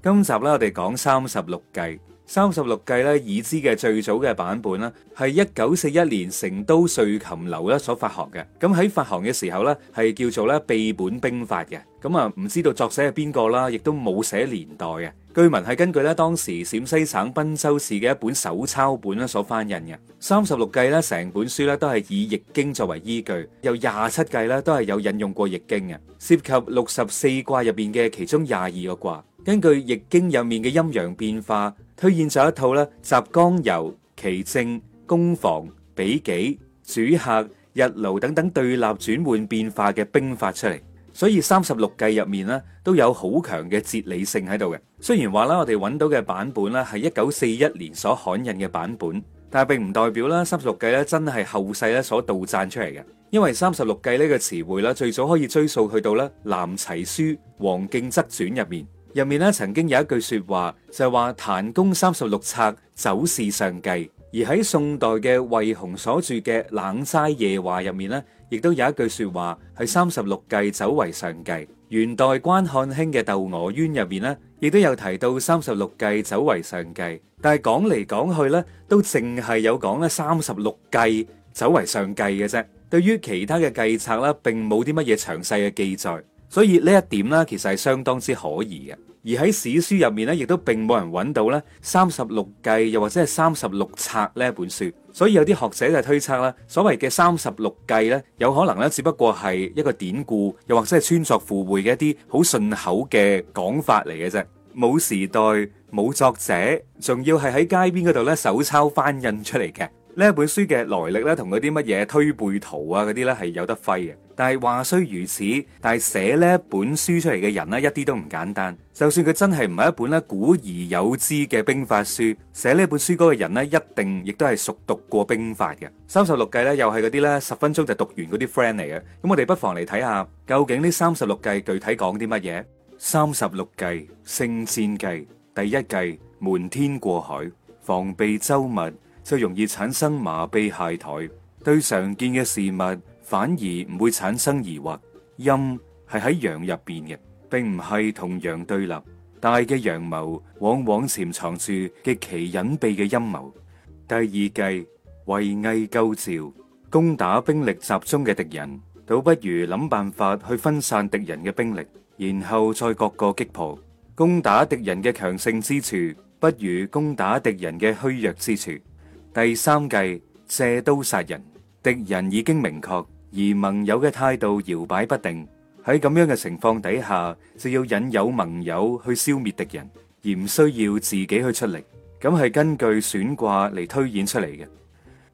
今集啦，我哋講三十六計。三十六計咧，已知嘅最早嘅版本啦，係一九四一年成都瑞琴樓啦所發行嘅。咁喺發行嘅時候咧，係叫做咧秘本兵法嘅。咁啊，唔知道作者係邊個啦，亦都冇寫年代嘅。據聞係根據咧當時陝西省濱州市嘅一本手抄本啦所翻印嘅。三十六計咧，成本書咧都係以易經作為依據，有廿七計啦，都係有引用過易經嘅，涉及六十四卦入邊嘅其中廿二個卦。根據易經入面嘅陰陽變化，推薦咗一套集剛柔，奇正，攻防，彼己，主客，日勞等等對立轉換變化嘅兵法出嚟。所以三十六計入面咧，都有好強嘅哲理性喺度嘅。雖然話我哋揾到嘅版本係一九四一年所刊印嘅版本，但係並唔代表三十六計真係後世所杜撰出嚟嘅。因為三十六計呢個詞彙最早可以追溯去到南齊書、王敬則傳入面。入面咧，曾經有一句説話就係話檀公三十六策走是上計。而喺宋代嘅惠洪所著嘅《冷齋夜話》入面咧，亦都有一句説話係三十六計走為上計。元代關漢卿嘅《竇娥冤》入面咧，亦都有提到三十六計走為上計。但係講嚟講去咧，都淨係有講咧三十六計走為上計嘅啫。對於其他嘅計策咧，並冇啲乜嘢詳細嘅記載。所以呢一點咧，其實係相當之可疑嘅。而喺史書入面呢，亦都並冇人揾到呢《三十六計》又或者係《三十六策》呢本書。所以有啲學者就推測啦，所謂嘅《三十六計》呢，有可能呢只不過係一個典故，又或者係穿作附會嘅一啲好順口嘅講法嚟嘅啫。冇時代，冇作者，仲要係喺街邊嗰度呢，手抄翻印出嚟嘅。呢本書嘅來歷咧，同嗰啲乜嘢推背圖啊嗰啲咧係有得揮嘅。但係話雖如此，但係寫呢本書出嚟嘅人呢，一啲都唔簡單。就算佢真係唔係一本咧古而有之嘅兵法書，寫呢本書嗰個人呢，一定亦都係熟讀過兵法嘅。三十六計咧又係嗰啲咧十分鐘就讀完嗰啲 friend 嚟嘅。咁我哋不妨嚟睇下究竟呢三十六計具體講啲乜嘢？三十六計，勝戰計第一計瞞天過海。防備周密，就容易產生麻痹懈怠，對常見嘅事物反而唔會產生疑惑。陰係喺陽入邊嘅，並唔係同陽對立。大嘅陽謀往往潛藏住極其隱秘嘅陰謀。第二計圍魏救趙，攻打兵力集中嘅敵人，倒不如諗辦法去分散敵人嘅兵力，然後再各個擊破。攻打敵人嘅強盛之處，不如攻打敵人嘅虛弱之處。第三計借刀殺人，敵人已經明確，而盟友嘅態度搖擺不定。喺咁樣嘅情況底下，就要引誘盟友去消滅敵人，而唔需要自己去出力。咁係根據損卦嚟推演出嚟嘅。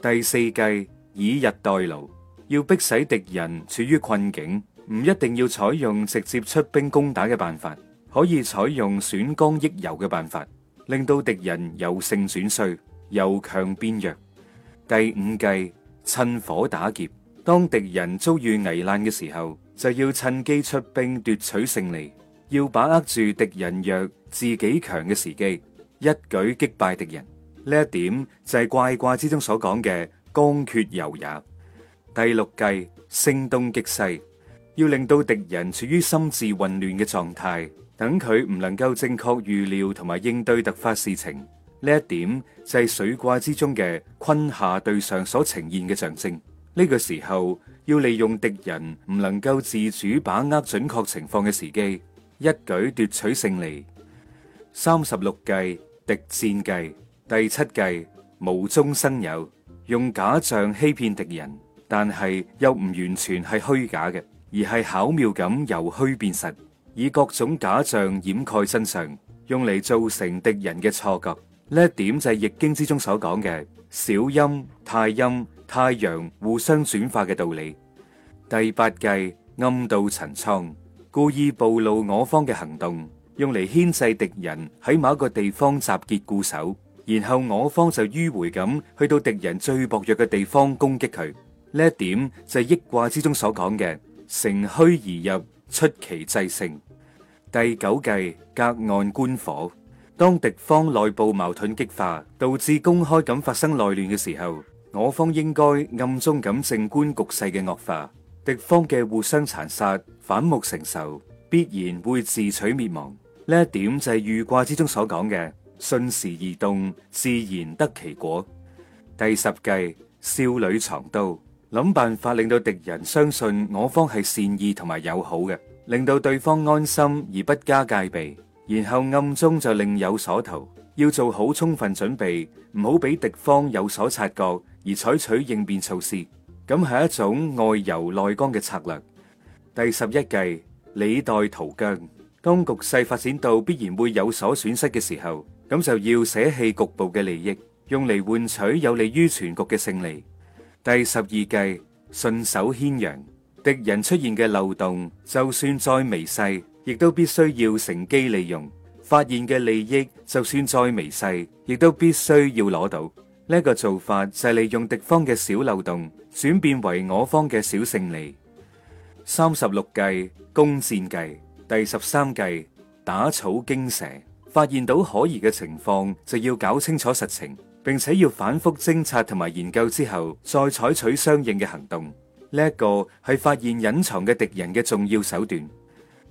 第四計以逸待勞，要迫使敵人處於困境，唔一定要採用直接出兵攻打嘅辦法，可以採用損剛益柔嘅辦法，令到敵人由勝轉衰，由強變弱，第五計趁火打劫。當敵人遭遇危難嘅時候，就要趁機出兵奪取勝利，要把握住敵人弱、自己強嘅時機，一舉擊敗敵人。呢一點就係夬卦之中所講嘅剛決柔也。第六計聲東擊西，要令到敵人處於心智混亂嘅狀態，等佢唔能夠正確預料同埋應對突發事情。呢一點就係水卦之中嘅坤下對上所呈現嘅象徵。呢個時候要利用敵人唔能夠自主把握準確情況嘅時機，一舉奪取勝利。三十六計，敵戰計第七計，無中生有，用假象欺騙敵人，但係又唔完全係虛假嘅，而係巧妙咁由虛變實，以各種假象掩蓋真相，用嚟造成敵人嘅錯覺。呢一點就係易經之中所講嘅小陰、太陰、太陽互相轉化嘅道理。第八計暗度陳倉，故意暴露我方嘅行動，用嚟牽制敵人喺某個地方集結固守，然後我方就迂回咁去到敵人最薄弱嘅地方攻擊佢。呢一點就係易卦之中所講嘅乘虛而入、出奇制勝。第九計隔岸觀火。當敵方內部矛盾激化，導致公開噉發生內亂嘅時候，我方應該暗中噉靜觀局勢嘅惡化。敵方嘅互相殘殺，反目成仇，必然會自取滅亡。呢一點就係豫卦之中所講嘅，順時而動，自然得其果。第十計，笑裏藏刀，諗辦法令到敵人相信我方係善意同埋友好嘅，令到對方安心而不加戒備。然後暗中就另有所圖，要做好充分準備，唔好俾敵方有所察覺，而採取應變措施。咁係一種外柔內剛嘅策略。第十一計，李代桃僵。當局勢發展到必然會有所損失嘅時候，咁就要捨棄局部嘅利益，用嚟換取有利於全局嘅勝利。第十二計，順手牽羊。敵人出現嘅漏洞，就算再微細。亦都必須要乘機利用發現嘅利益，就算再微細，亦都必須要攞到。呢一個做法，就係利用敵方嘅小漏洞，轉變為我方嘅小勝利。三十六計，攻戰計，第十三計，打草驚蛇。發現到可疑嘅情況，就要搞清楚實情，並且要反覆偵察同埋研究之後，再採取相應嘅行動。呢一個係發現隱藏嘅敵人嘅重要手段。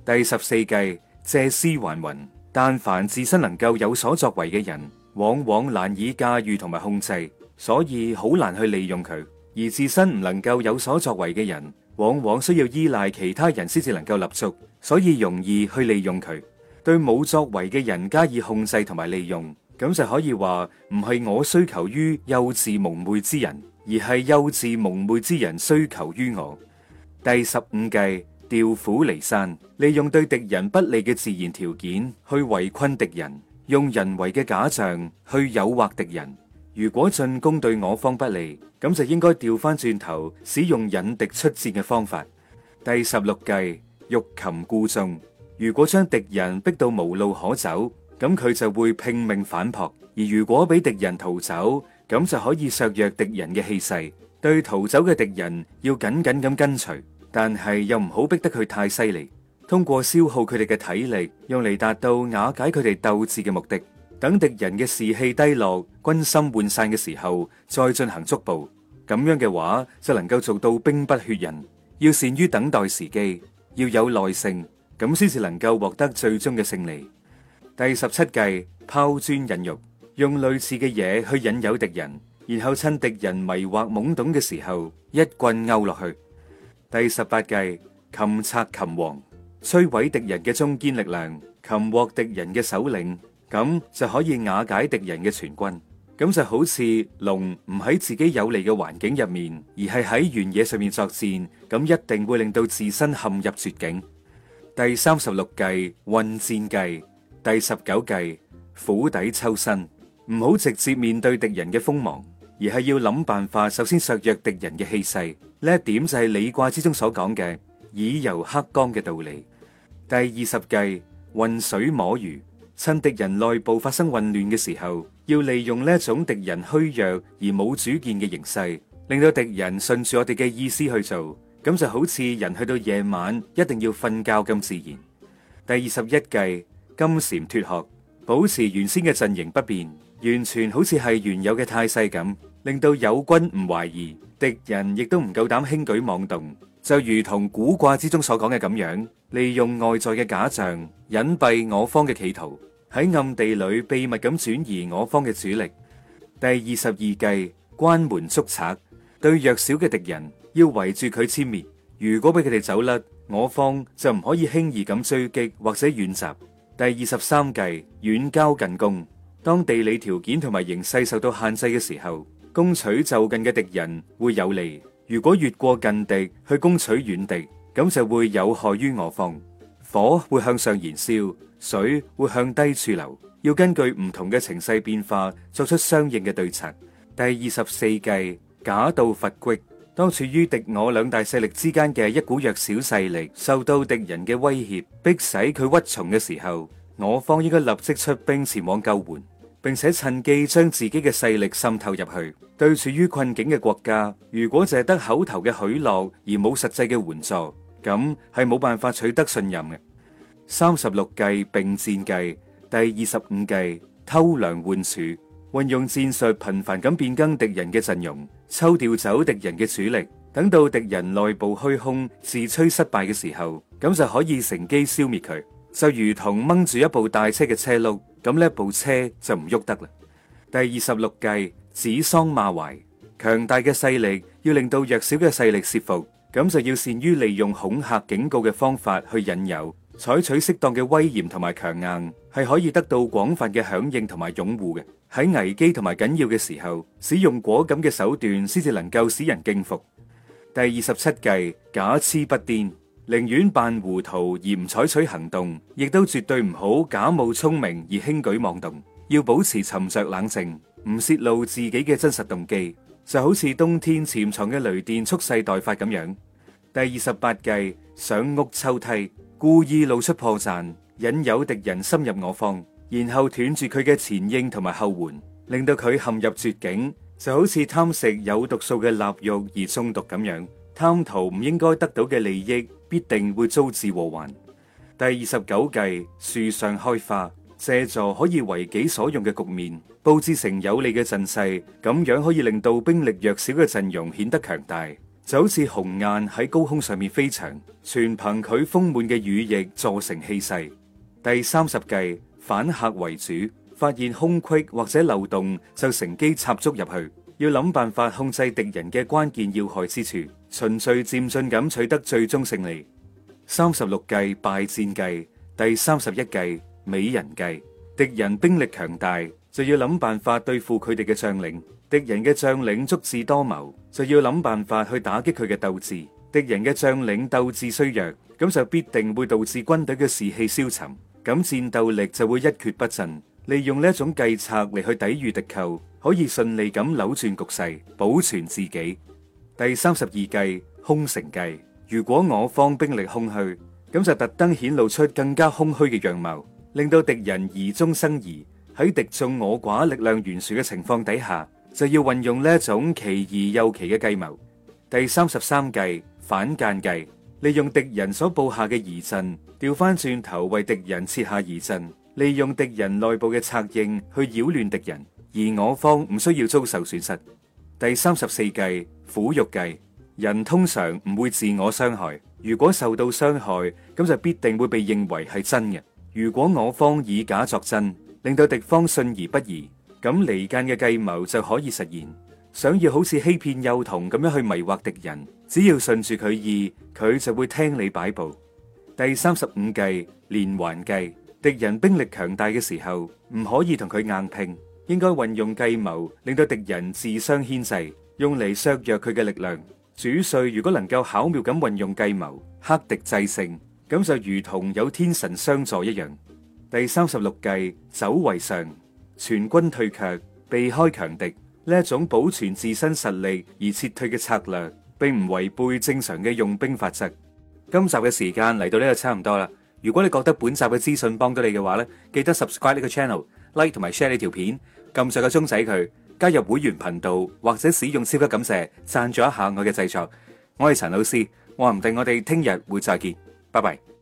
第十四計借屍還魂，但凡自身能夠有所作為嘅人，往往難以駕馭同埋控制，所以好難去利用佢；而自身唔能夠有所作為嘅人，往往需要依賴其他人先至能夠立足，所以容易去利用佢，對冇作為嘅人加以控制同埋利用。咁就可以話，唔係我需求於幼稚蒙昧之人，而係幼稚蒙昧之人需求於我。第十五計。調虎離山，利用對敵人不利嘅自然條件去圍困敵人，用人為嘅假象去誘惑敵人。如果進攻對我方不利，咁就應該掉返轉頭，使用引敵出戰嘅方法。第十六計，欲擒故縱。如果將敵人逼到無路可走，咁佢就會拼命反撲；而如果俾敵人逃走，咁就可以削弱敵人嘅氣勢。對逃走嘅敵人要緊緊咁跟隨。但係又唔好逼得佢太犀利，通過消耗佢哋嘅體力，用嚟達到瓦解佢哋鬥志嘅目的。等敵人嘅士氣低落、軍心渙散嘅時候，再進行捉捕。咁樣嘅話就能夠做到兵不血刃。要善於等待時機，要有耐性，咁先至能夠獲得最終嘅勝利。第十七計拋磚引玉，用類似嘅嘢去引誘敵人，然後趁敵人迷惑懵懂嘅時候一棍勾落去。第十八計擒賊擒王，摧毀敵人嘅中堅力量，擒獲敵人嘅首領，咁就可以瓦解敵人嘅全軍。咁就好似龍唔喺自己有利嘅環境入面，而係喺原野上面作戰，咁一定會令到自身陷入絕境。第三十六計混戰計，第十九計釜底抽薪，唔好直接面對敵人嘅鋒芒。而係要諗辦法，首先削弱敵人嘅氣勢。呢一點就係《履卦》之中所講嘅以柔克剛嘅道理。第二十計混水摸魚，趁敵人內部發生混亂嘅時候，要利用呢種敵人虛弱而冇主見嘅形勢，令到敵人順住我哋嘅意思去做。咁就好似人去到夜晚一定要瞓覺咁自然。第二十一計金蟬脫殼，保持原先嘅陣營不變，完全好似係原有嘅態勢咁。令到友軍唔懷疑，敵人亦都唔夠膽輕舉妄動，就如同古卦之中所講嘅咁樣，利用外在嘅假象，隱蔽我方嘅企圖，喺暗地裏秘密咁轉移我方嘅主力。第二十二計關門捉賊，對弱小嘅敵人要圍住佢殲滅，如果俾佢哋走甩，我方就唔可以輕易咁追擊或者遠襲。第二十三計遠交近攻，當地理條件同埋形勢受到限制嘅時候。攻取就近嘅敵人會有利，如果越過近敵去攻取遠敵，咁就會有害於我方。火會向上燃燒，水會向低處流，要根據唔同嘅情勢變化，作出相應嘅對策。第二十四計假道伐虢，當處於敵我兩大勢力之間嘅一股弱小勢力受到敵人嘅威脅，迫使佢屈從嘅時候，我方應該立即出兵前往救援。並且趁機將自己嘅勢力滲透入去。對處於困境嘅國家，如果淨係得口頭嘅許諾而冇實際嘅援助，咁係冇辦法取得信任嘅。三十六計並戰計，第二十五計，偷梁換柱，運用戰術頻繁咁變更敵人嘅陣容，抽調走敵人嘅主力，等到敵人內部虛空自吹失敗嘅時候，咁就可以乘機消滅佢。就如同掹住一部大車嘅車轆。咁呢部車就唔喐得啦。第二十六計指桑罵槐，強大嘅勢力要令到弱小嘅勢力折服，咁就要善於利用恐嚇、警告嘅方法去引誘，採取適當嘅威嚴同埋強硬，係可以得到廣泛嘅響應同埋擁護嘅。喺危機同埋緊要嘅時候，使用果敢嘅手段，先至能夠使人敬服。第二十七計假痴不癲。寧願扮糊塗而唔採取行動，亦都絕對唔好假冒聰明而輕舉妄動。要保持沉着冷靜，唔洩露自己嘅真實動機，就好似冬天潛藏嘅雷電蓄勢待發咁樣。第二十八計，上屋抽梯，故意露出破綻，引誘敵人深入我方，然後斷住佢嘅前應同埋後援，令到佢陷入絕境，就好似貪食有毒素嘅臘肉而中毒咁樣。貪圖唔應該得到嘅利益，必定會遭致禍患。第二十九計，樹上開花，借助可以為己所用嘅局面，布置成有利嘅陣勢，咁樣可以令到兵力弱小嘅陣容顯得強大。就好似鴻雁喺高空上面飛翔，全憑佢豐滿嘅羽翼助成氣勢。第三十計，反客為主，發現空隙或者漏洞就乘機插足入去。要諗辦法控制敵人嘅關鍵要害之處，循序漸進咁取得最終勝利。三十六計，敗戰計，第三十一計，美人計。敵人兵力強大，就要諗辦法對付佢哋嘅將領；敵人嘅將領足智多謀，就要諗辦法去打擊佢嘅鬥志；敵人嘅將領鬥志衰弱，咁就必定會導致軍隊嘅士氣消沉，咁戰鬥力就會一蹶不振。利用呢一種計策嚟去抵禦敵寇。可以順利咁扭轉局勢，保存自己。第三十二計空城計，如果我方兵力空虛，咁就特登顯露出更加空虛嘅樣貌，令到敵人疑中生疑。喺敵眾我寡、力量懸殊嘅情況底下，就要運用呢一種奇異又奇嘅計謀。第三十三計反間計，利用敵人所布下嘅疑陣，調翻轉頭為敵人設下疑陣，利用敵人內部嘅策應去擾亂敵人。而我方唔需要遭受損失。第三十四計苦肉計，人通常唔會自我傷害。如果受到傷害，咁就必定會被認為係真嘅。如果我方以假作真，令到敵方信而不疑，咁離間嘅計謀就可以實現。想要好似欺騙幼童咁樣去迷惑敵人，只要順住佢意，佢就會聽你擺布。第三十五計連環計，敵人兵力強大嘅時候，唔可以同佢硬拼。應該運用計謀，令到敵人自相牽制，用嚟削弱佢嘅力量。主帥如果能夠巧妙咁運用計謀，克敵制勝，咁就如同有天神相助一樣。第三十六計走為上，全軍退卻，避開強敵呢一種保存自身實力而撤退嘅策略，並唔違背正常嘅用兵法則。今集嘅時間嚟到呢度差唔多啦。如果你覺得本集嘅資訊幫到你嘅話咧，記得 subscribe 呢個 channel，like 同埋 share 呢條片。撳上個鐘仔，佢加入會員頻道，或者使用超級感謝讚助一下我嘅製作，我係陳老 C，話唔定我哋聽日會再見，拜拜。